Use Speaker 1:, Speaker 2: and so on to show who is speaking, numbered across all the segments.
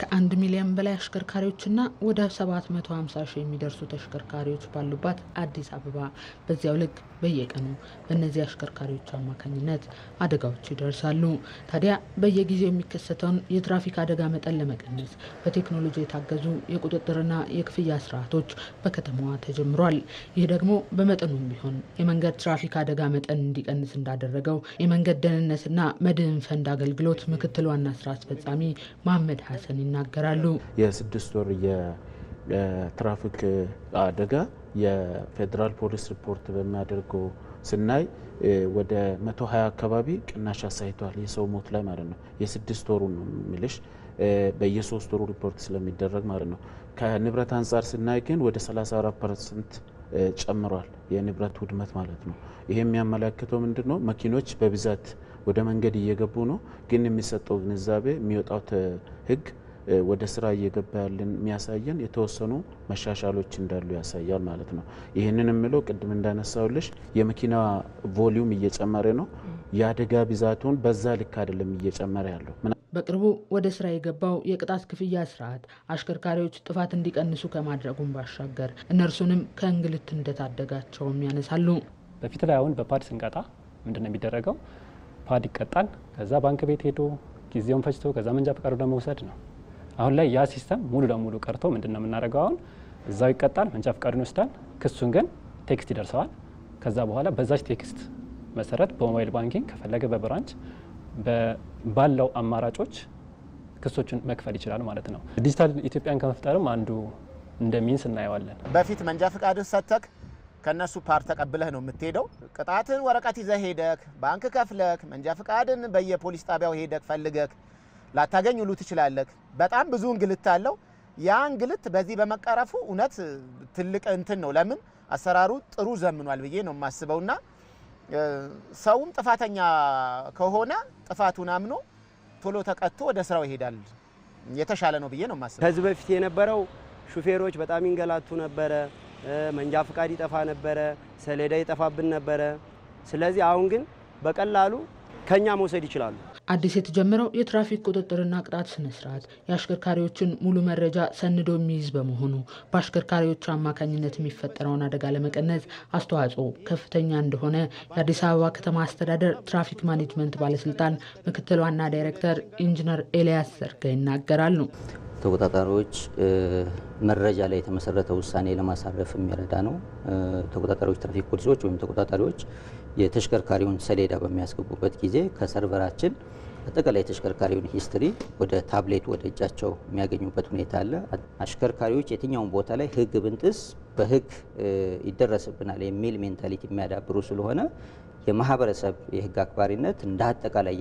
Speaker 1: ከአንድ ሚሊዮን በላይ አሽከርካሪዎችና ወደ 750 ሺህ የሚደርሱ ተሽከርካሪዎች ባሉባት አዲስ አበባ በዚያው ልክ በየቀኑ በእነዚህ አሽከርካሪዎች አማካኝነት አደጋዎች ይደርሳሉ። ታዲያ በየጊዜው የሚከሰተውን የትራፊክ አደጋ መጠን ለመቀነስ በቴክኖሎጂ የታገዙ የቁጥጥርና የክፍያ ስርዓቶች በከተማዋ ተጀምሯል። ይህ ደግሞ በመጠኑም ቢሆን የመንገድ ትራፊክ አደጋ መጠን እንዲቀንስ እንዳደረገው የመንገድ ደህንነትና መድህን ፈንድ አገልግሎት ምክትል ዋና ስራ አስፈጻሚ መሀመድ ሀሰን ይናገራሉ።
Speaker 2: የስድስት ወር የትራፊክ አደጋ የፌዴራል ፖሊስ ሪፖርት በሚያደርገው ስናይ ወደ 120 አካባቢ ቅናሽ አሳይቷል። የሰው ሞት ላይ ማለት ነው። የስድስት ወሩ ነው የሚልሽ በየሶስት ወሩ ሪፖርት ስለሚደረግ ማለት ነው። ከንብረት አንጻር ስናይ ግን ወደ 34 ፐርሰንት ጨምሯል፣ የንብረት ውድመት ማለት ነው። ይሄ የሚያመላክተው ምንድን ነው? መኪኖች በብዛት ወደ መንገድ እየገቡ ነው፣ ግን የሚሰጠው ግንዛቤ የሚወጣው ህግ ወደ ስራ እየገባ ያለን የሚያሳየን የተወሰኑ መሻሻሎች እንዳሉ ያሳያል ማለት ነው። ይህንን የምለው ቅድም እንዳነሳውልሽ የመኪና ቮሊዩም እየጨመረ ነው። የአደጋ ብዛቱን በዛ ልክ አይደለም እየጨመረ ያለው።
Speaker 1: በቅርቡ ወደ ስራ የገባው የቅጣት ክፍያ ስርዓት አሽከርካሪዎች ጥፋት እንዲቀንሱ ከማድረጉም ባሻገር እነርሱንም ከእንግልት እንደታደጋቸውም ያነሳሉ።
Speaker 3: በፊት ላይ አሁን በፓድ ስንቀጣ ምንድን ነው የሚደረገው? ፓድ ይቀጣል። ከዛ ባንክ ቤት ሄዶ ጊዜውን ፈጅቶ ከዛ መንጃ ፈቃዱ ለመውሰድ ነው አሁን ላይ ያ ሲስተም ሙሉ ለሙሉ ቀርቶ ምንድን ነው የምናደርገው? አሁን እዛው ይቀጣል፣ መንጃ ፈቃዱን ይወስዳል። ክሱን ግን ቴክስት ይደርሰዋል። ከዛ በኋላ በዛች ቴክስት መሰረት በሞባይል ባንኪንግ ከፈለገ በብራንች ባለው አማራጮች ክሶችን መክፈል ይችላል ማለት ነው። ዲጂታል ኢትዮጵያን ከመፍጠርም አንዱ እንደ ሚንስ እናየዋለን።
Speaker 4: በፊት መንጃ ፍቃድን ሰጥተክ ከነሱ ፓር ተቀብለህ ነው የምትሄደው። ቅጣትን ወረቀት ይዘህ ሄደክ ባንክ ከፍለክ መንጃ ፍቃድን በየፖሊስ ጣቢያው ሄደክ ፈልገክ ላታገኝ ሁሉ ትችላለህ። በጣም ብዙ እንግልት አለው። ያ እንግልት በዚህ በመቀረፉ እውነት ትልቅ እንትን ነው። ለምን አሰራሩ ጥሩ ዘምኗል ብዬ ነው እና ሰውም ጥፋተኛ ከሆነ ጥፋቱን አምኖ ቶሎ ተቀጥቶ ወደ ስራው ይሄዳል። የተሻለ ነው ብዬ ነው የማስበው።
Speaker 5: ከዚህ በፊት የነበረው ሹፌሮች በጣም ይንገላቱ ነበረ። መንጃ ፈቃድ ይጠፋ ነበረ፣ ሰሌዳ ይጠፋብን ነበረ። ስለዚህ አሁን ግን በቀላሉ ከኛ መውሰድ ይችላሉ።
Speaker 1: አዲስ የተጀመረው የትራፊክ ቁጥጥርና ቅጣት ስነስርዓት የአሽከርካሪዎችን ሙሉ መረጃ ሰንዶ የሚይዝ በመሆኑ በአሽከርካሪዎቹ አማካኝነት የሚፈጠረውን አደጋ ለመቀነስ አስተዋጽኦ ከፍተኛ እንደሆነ የአዲስ አበባ ከተማ አስተዳደር ትራፊክ ማኔጅመንት ባለስልጣን ምክትል ዋና ዳይሬክተር ኢንጂነር ኤልያስ ዘርጋ ይናገራሉ።
Speaker 6: ተቆጣጣሪዎች መረጃ ላይ የተመሰረተ ውሳኔ ለማሳረፍ የሚረዳ ነው። ተቆጣጣሪዎች ትራፊክ ፖሊሶች ወይም ተቆጣጣሪዎች የተሽከርካሪውን ሰሌዳ በሚያስገቡበት ጊዜ ከሰርቨራችን አጠቃላይ የተሽከርካሪውን ሂስትሪ ወደ ታብሌት ወደ እጃቸው የሚያገኙበት ሁኔታ አለ። አሽከርካሪዎች የትኛውን ቦታ ላይ ሕግ ብንጥስ በሕግ ይደረስብናል የሚል ሜንታሊቲ የሚያዳብሩ ስለሆነ የማህበረሰብ የህግ አክባሪነት እንደ አጠቃላይ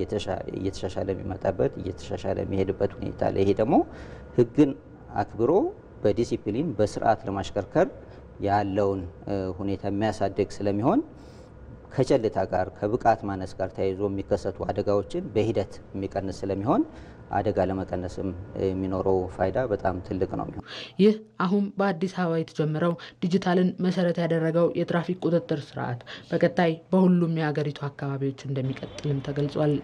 Speaker 6: እየተሻሻለ የሚመጣበት እየተሻሻለ የሚሄድበት ሁኔታ አለ። ይሄ ደግሞ ህግን አክብሮ በዲሲፕሊን በስርዓት ለማሽከርከር ያለውን ሁኔታ የሚያሳድግ ስለሚሆን ከጨልታ ጋር ከብቃት ማነስ ጋር ተያይዞ የሚከሰቱ አደጋዎችን በሂደት የሚቀንስ ስለሚሆን አደጋ ለመቀነስም የሚኖረው ፋይዳ በጣም ትልቅ ነው።
Speaker 1: ይህ አሁን በአዲስ አበባ የተጀመረው ዲጂታልን መሰረት ያደረገው የትራፊክ ቁጥጥር ስርዓት በቀጣይ በሁሉም የሀገሪቱ አካባቢዎች እንደሚቀጥልም ተገልጿል።